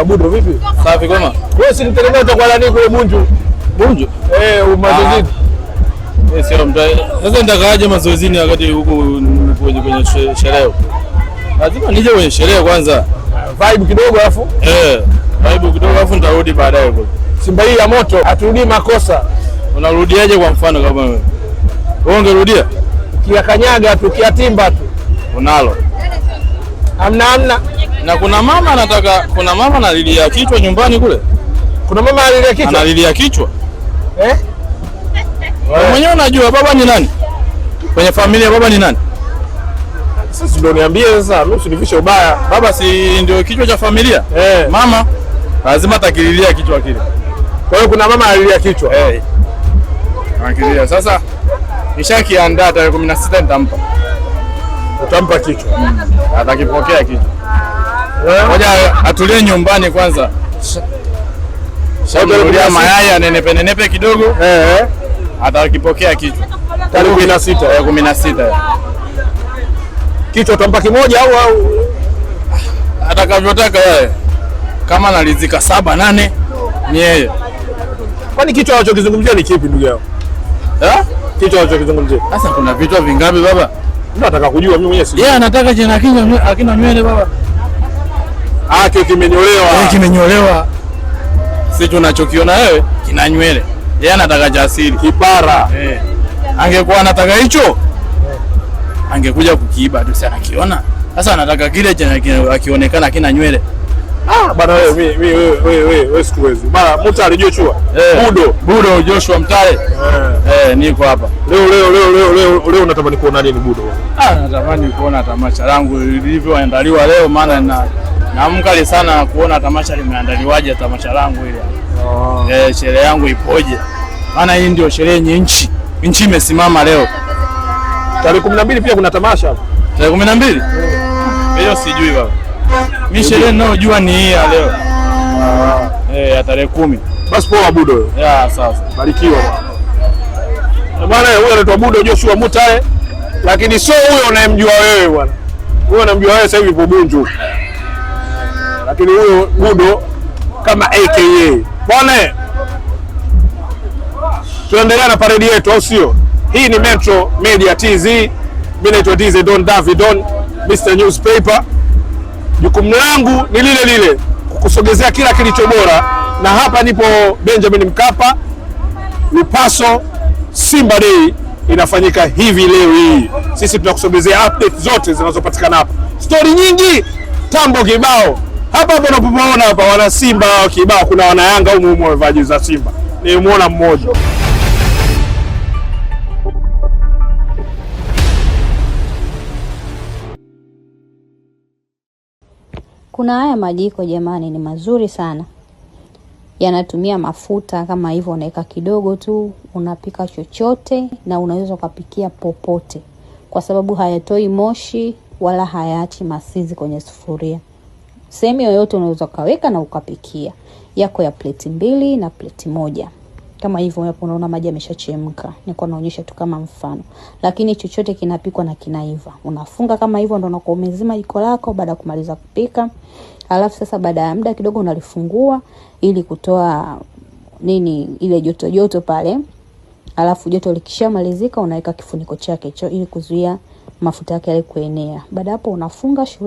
Abudo vipi? Safi kama. Wewe si nitegemea utakuwa nani kule Bunju. Bunju? Eh, mazoezini. Ah, eh, sio mtu. Sasa nitakaaje mazoezini wakati huko kwenye kwenye sherehe? Lazima nije kwenye sherehe kwanza. Vibe kidogo alafu. Eh, vibe kidogo alafu nitarudi baadaye huko. Simba hii ya moto haturudii makosa. Unarudiaje kwa mfano kama wewe? Wewe ungerudia? Ukiakanyaga tu, ukiatimba tu. Unalo. Amna amna na kuna mama anataka, kuna mama analilia kichwa nyumbani kule, kuna mama analilia kichwa, analilia kichwa eh? Wewe Mwenyewe unajua baba ni nani kwenye familia, baba ni nani? Sisi ndio niambie sasa, mimi usinivishe ubaya. Baba si ndio kichwa cha familia eh? Mama lazima atakililia kichwa kile. Kwa hiyo kuna mama analilia kichwa eh, anakilia sasa. Nishakiandaa tarehe 16 nitampa, utampa kichwa, atakipokea kichwa Eh? Ngoja atulie nyumbani kwanza. Shambulia mayai anenepe nenepe kidogo. Eh. eh. Atakipokea kichwa. Tarehe 16. Tarehe 16. Kichwa utampa kimoja au au atakavyotaka wewe. Kama analizika saba nane ni yeye. Kwani kichwa anachokizungumzia ni kipi ndugu yao? Eh? Kichwa anachokizungumzia. Sasa kuna vichwa vingapi baba? Mimi nataka kujua mimi mwenyewe. Yeye anataka jina kinywa akina nywele baba. Ake kimenyolewa, Ake kimenyolewa. Si tunachokiona wewe kina nywele, yeye anataka cha asili kipara eh. Angekuwa anataka hicho angekuja kukiiba tu, si anakiona sasa. Anataka kile cha akionekana kina nywele. Ah bana, wewe mimi wewe wewe wewe wewe sikuwezi bana. Mtare alijochua. eh, budo budo Joshua Mtare eh, eh niko hapa leo leo leo leo leo leo. Unatamani kuona nini budo? Ah, natamani kuona tamasha langu lilivyoandaliwa leo, maana na na mkali sana kuona tamasha limeandaliwaje, tamasha langu ile oh. E, sherehe yangu ipoje? Maana hii ndio sherehe yenye nchi, nchi imesimama leo. Tarehe kumi na mbili pia kuna tamasha tarehe kumi na mbili mm. hiyo sijui baba, mi sherehe ninayojua ni hii ya leo ah. E, ya tarehe kumi. Basi poa Budo. Ya sasa, barikiwa bwana. Eh, huyo anaitwa Budo Joshua Mutae, lakini sio huyo unayemjua wewe bwana. Huyo unamjua wewe sasa hivi yupo Bunju lakini huyo Gudo kama aka bwana, tunaendelea na paredi yetu, au sio? Hii ni Metro Media TZ, mimi naitwa DZ Don Don, Mr Newspaper. Jukumu langu ni lile lile, kukusogezea kila kilicho bora, na hapa nipo Benjamin Mkapa. Lupaso Simba Day inafanyika hivi leo hii. Sisi tunakusogezea update zote zinazopatikana hapa, stori nyingi, tambo kibao hapa hapa unapoona hapa wana Simba kibao, kuna wana Yanga huko huko wamevaa jezi za Simba, nimuona mmoja Kuna haya majiko jamani, ni mazuri sana, yanatumia mafuta kama hivyo, unaweka kidogo tu, unapika chochote na unaweza ukapikia popote, kwa sababu hayatoi moshi wala hayaachi masizi kwenye sufuria sehemu yoyote unaweza ukaweka na ukapikia yako ya pleti mbili na pleti moja kama hivyo hapo unaona maji yameshachemka. Nilikuwa naonyesha tu kama mfano. Lakini chochote kinapikwa na kinaiva. Unafunga kama hivyo ndio unakuwa umezima jiko lako baada ya kumaliza kupika. Alafu sasa baada ya muda kidogo unalifungua ili kutoa nini ile joto joto pale. Alafu joto likishamalizika unaweka kifuniko chake hicho ili kuzuia mafuta yake yale kuenea. Baada hapo unafunga shu